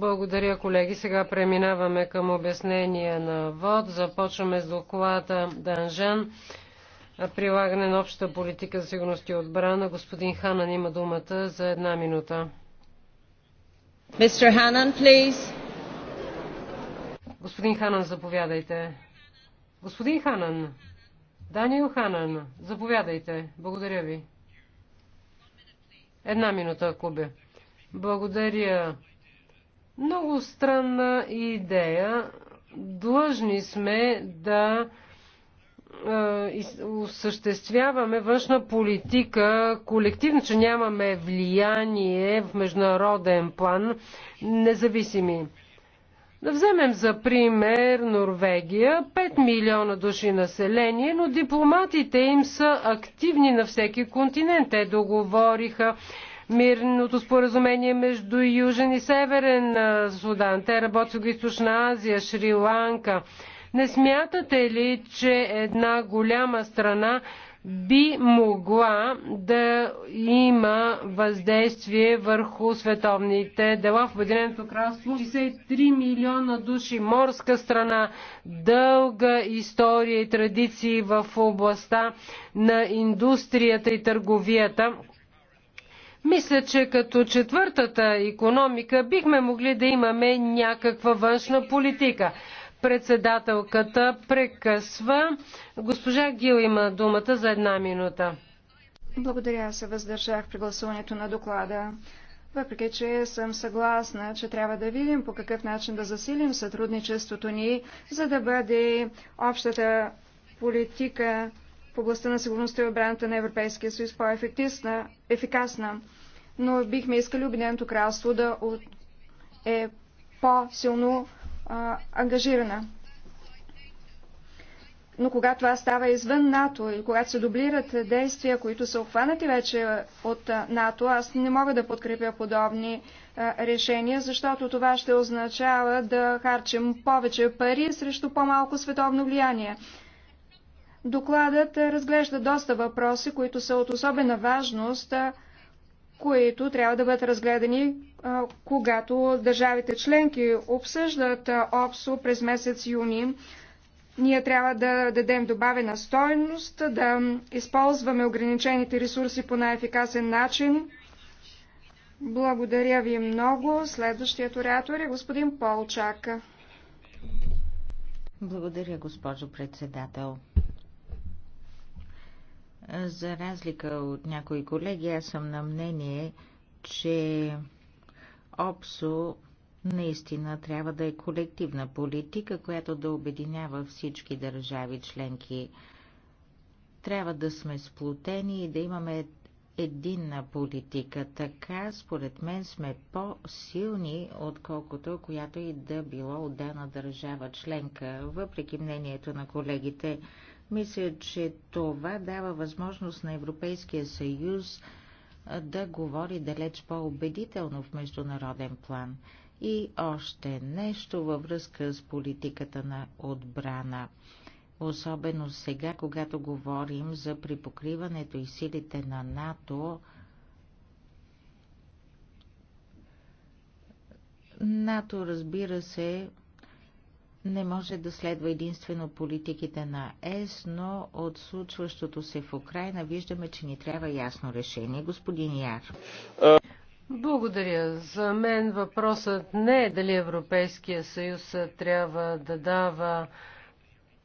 Благодаря, колеги. Сега преминаваме към обяснение на ВОД. Започваме с доклада Данжан. Прилагане на общата политика за сигурност и отбрана. Господин Ханан има думата за една минута. Мистер Ханан, please. Господин Ханан, заповядайте. Господин Ханан. Даниел Ханан, заповядайте. Благодаря ви. Една минута, кубе. Благодаря, много странна идея. Длъжни сме да осъществяваме външна политика колективно, че нямаме влияние в международен план, независими. Да вземем за пример Норвегия, 5 милиона души население, но дипломатите им са активни на всеки континент. Те договориха мирното споразумение между Южен и Северен Судан. Те работят в Източна Азия, Шри-Ланка. Не смятате ли, че една голяма страна би могла да има въздействие върху световните дела в Обединеното кралство. 63 милиона души, морска страна, дълга история и традиции в областта на индустрията и търговията. Мисля, че като четвъртата економика бихме могли да имаме някаква външна политика. Председателката прекъсва. Госпожа Гил има думата за една минута. Благодаря, се въздържах при гласуването на доклада. Въпреки, че съм съгласна, че трябва да видим по какъв начин да засилим сътрудничеството ни, за да бъде общата политика в областта на сигурността и отбраната на Европейския съюз по-ефикасна, но бихме искали Обединеното кралство да е по-силно ангажирана. Но когато това става извън НАТО и когато се дублират действия, които са обхванати вече от НАТО, аз не мога да подкрепя подобни решения, защото това ще означава да харчим повече пари срещу по-малко световно влияние. Докладът е, разглежда доста въпроси, които са от особена важност, е, които трябва да бъдат разгледани, е, когато държавите членки обсъждат ОПСО през месец юни. Ние трябва да дадем добавена стойност, да използваме ограничените ресурси по най-ефикасен начин. Благодаря ви много. Следващият оратор е господин Полчак. Благодаря, госпожо председател. За разлика от някои колеги, аз съм на мнение, че ОПСО наистина трябва да е колективна политика, която да обединява всички държави членки. Трябва да сме сплутени и да имаме единна политика. Така, според мен, сме по-силни, отколкото която и да било отдана държава членка. Въпреки мнението на колегите, мисля, че това дава възможност на Европейския съюз да говори далеч по-убедително в международен план. И още нещо във връзка с политиката на отбрана. Особено сега, когато говорим за припокриването и силите на НАТО, НАТО, разбира се, не може да следва единствено политиките на ЕС, но от случващото се в Украина виждаме, че ни трябва ясно решение. Господин Яр. Благодаря. За мен въпросът не е дали Европейския съюз трябва да дава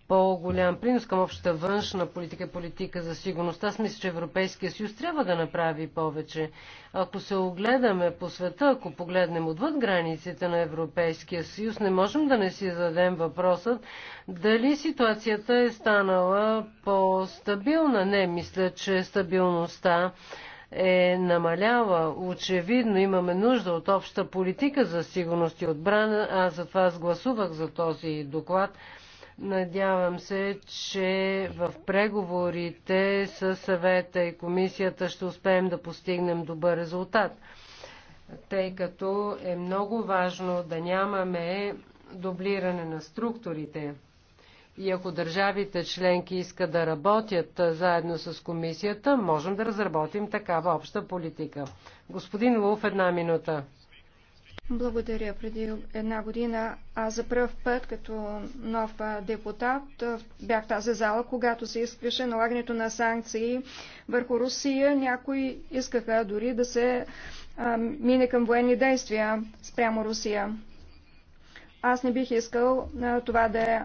по-голям принос към общата външна политика, политика за сигурност. Аз мисля, че Европейския съюз трябва да направи повече. Ако се огледаме по света, ако погледнем отвъд границите на Европейския съюз, не можем да не си зададем въпросът дали ситуацията е станала по-стабилна. Не, мисля, че стабилността е намаляла. Очевидно имаме нужда от обща политика за сигурност и отбрана. Аз затова аз гласувах за този доклад Надявам се, че в преговорите с съвета и комисията ще успеем да постигнем добър резултат, тъй като е много важно да нямаме дублиране на структурите. И ако държавите членки искат да работят заедно с комисията, можем да разработим такава обща политика. Господин Луф, една минута. Благодаря. Преди една година аз за първ път като нов депутат бях тази зала, когато се искаше налагането на санкции върху Русия. Някои искаха дори да се а, мине към военни действия спрямо Русия. Аз не бих искал а, това да е,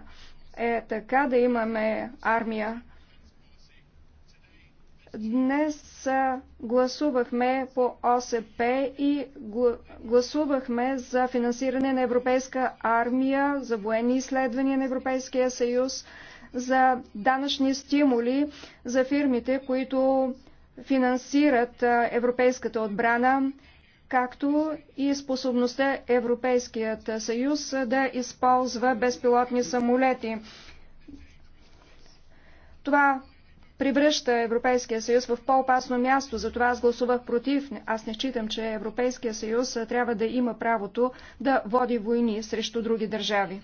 е така, да имаме армия Днес гласувахме по ОСП и гласувахме за финансиране на Европейска армия, за военни изследвания на Европейския съюз, за данъчни стимули за фирмите, които финансират европейската отбрана, както и способността Европейският съюз да използва безпилотни самолети. Това превръща Европейския съюз в по-опасно място. Затова аз гласувах против. Аз не считам, че Европейския съюз трябва да има правото да води войни срещу други държави.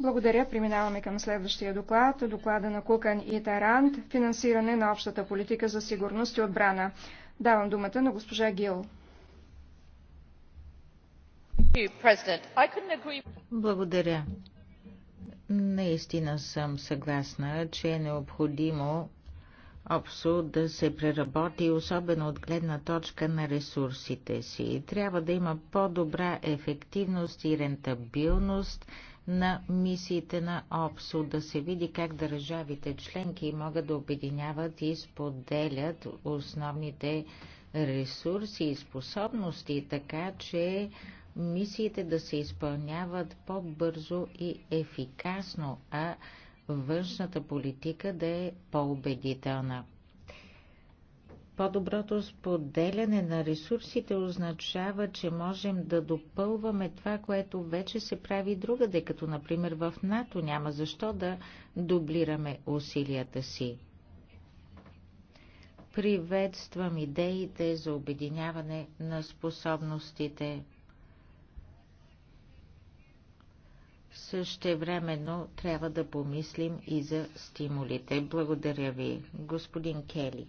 Благодаря. Преминаваме към следващия доклад. Доклада на Кукан и Тарант. Финансиране на общата политика за сигурност и отбрана. Давам думата на госпожа Гил. Благодаря. Наистина съм съгласна, че е необходимо общо да се преработи, особено от гледна точка на ресурсите си. Трябва да има по-добра ефективност и рентабилност на мисиите на ОПСО, да се види как държавите членки могат да обединяват и споделят основните ресурси и способности, така че мисиите да се изпълняват по-бързо и ефикасно, а външната политика да е по-убедителна. По-доброто споделяне на ресурсите означава, че можем да допълваме това, което вече се прави другаде, като например в НАТО няма защо да дублираме усилията си. Приветствам идеите за обединяване на способностите. Същевременно трябва да помислим и за стимулите. Благодаря ви, господин Кели.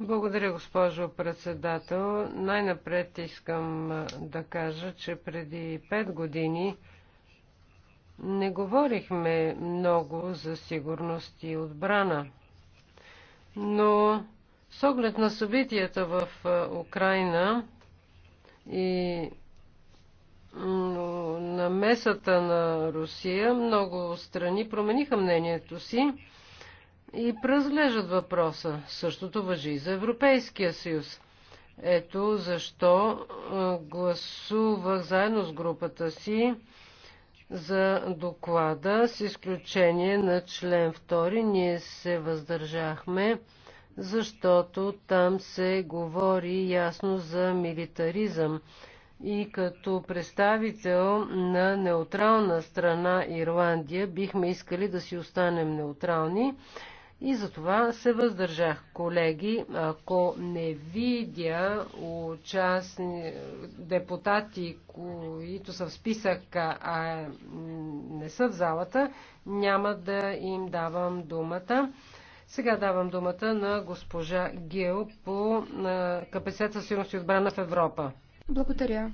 Благодаря, госпожо председател. Най-напред искам да кажа, че преди 5 години не говорихме много за сигурност и отбрана, но с оглед на събитията в Украина и на месата на Русия, много страни промениха мнението си и преразглеждат въпроса. Същото въжи и за Европейския съюз. Ето защо гласувах заедно с групата си за доклада, с изключение на член 2. Ние се въздържахме защото там се говори ясно за милитаризъм. И като представител на неутрална страна Ирландия бихме искали да си останем неутрални и затова се въздържах. Колеги, ако не видя участни депутати, които са в списък, а не са в залата, няма да им давам думата. Сега давам думата на госпожа Гил по капацитет за сигурност и отбрана в Европа. Благодаря.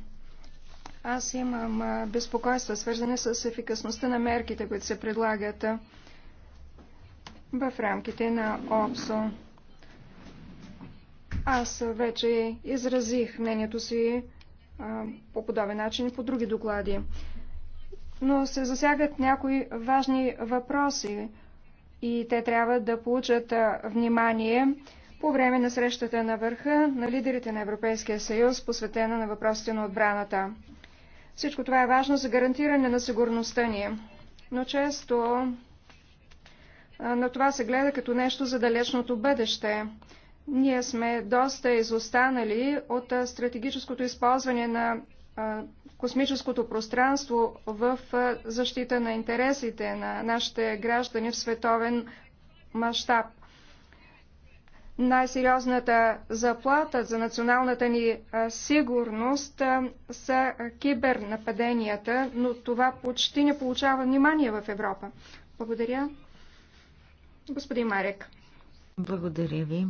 Аз имам безпокойства, свързани с ефикасността на мерките, които се предлагат в рамките на ОПСО. Аз вече изразих мнението си по подобен начин и по други доклади. Но се засягат някои важни въпроси, и те трябва да получат внимание по време на срещата на върха на лидерите на Европейския съюз, посветена на въпросите на отбраната. Всичко това е важно за гарантиране на сигурността ни, но често на това се гледа като нещо за далечното бъдеще. Ние сме доста изостанали от стратегическото използване на космическото пространство в защита на интересите на нашите граждани в световен мащаб. Най-сериозната заплата за националната ни сигурност са кибернападенията, но това почти не получава внимание в Европа. Благодаря. Господин Марек. Благодаря ви.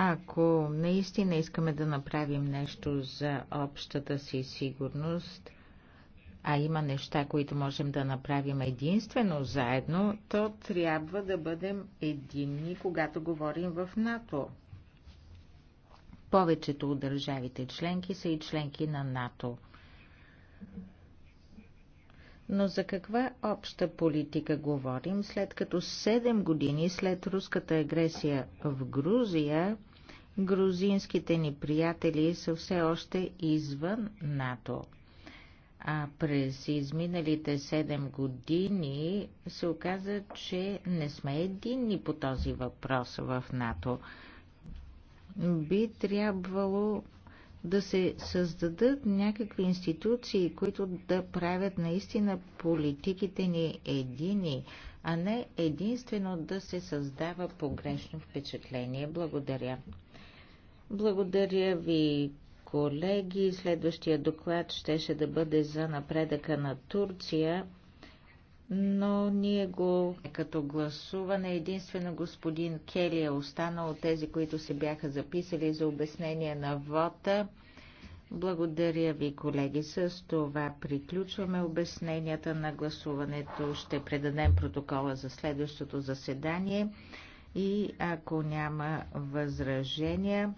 Ако наистина искаме да направим нещо за общата си сигурност, а има неща, които можем да направим единствено заедно, то трябва да бъдем единни, когато говорим в НАТО. Повечето от държавите членки са и членки на НАТО. Но за каква обща политика говорим, след като 7 години след руската агресия в Грузия Грузинските ни приятели са все още извън НАТО. А през изминалите 7 години се оказа, че не сме единни по този въпрос в НАТО. Би трябвало да се създадат някакви институции, които да правят наистина политиките ни едини, а не единствено да се създава погрешно впечатление. Благодаря. Благодаря ви, колеги. Следващия доклад щеше да бъде за напредъка на Турция, но ние го като гласуване. Единствено господин Кели е останал от тези, които се бяха записали за обяснение на вота. Благодаря ви, колеги. С това приключваме обясненията на гласуването. Ще предадем протокола за следващото заседание и ако няма възражения,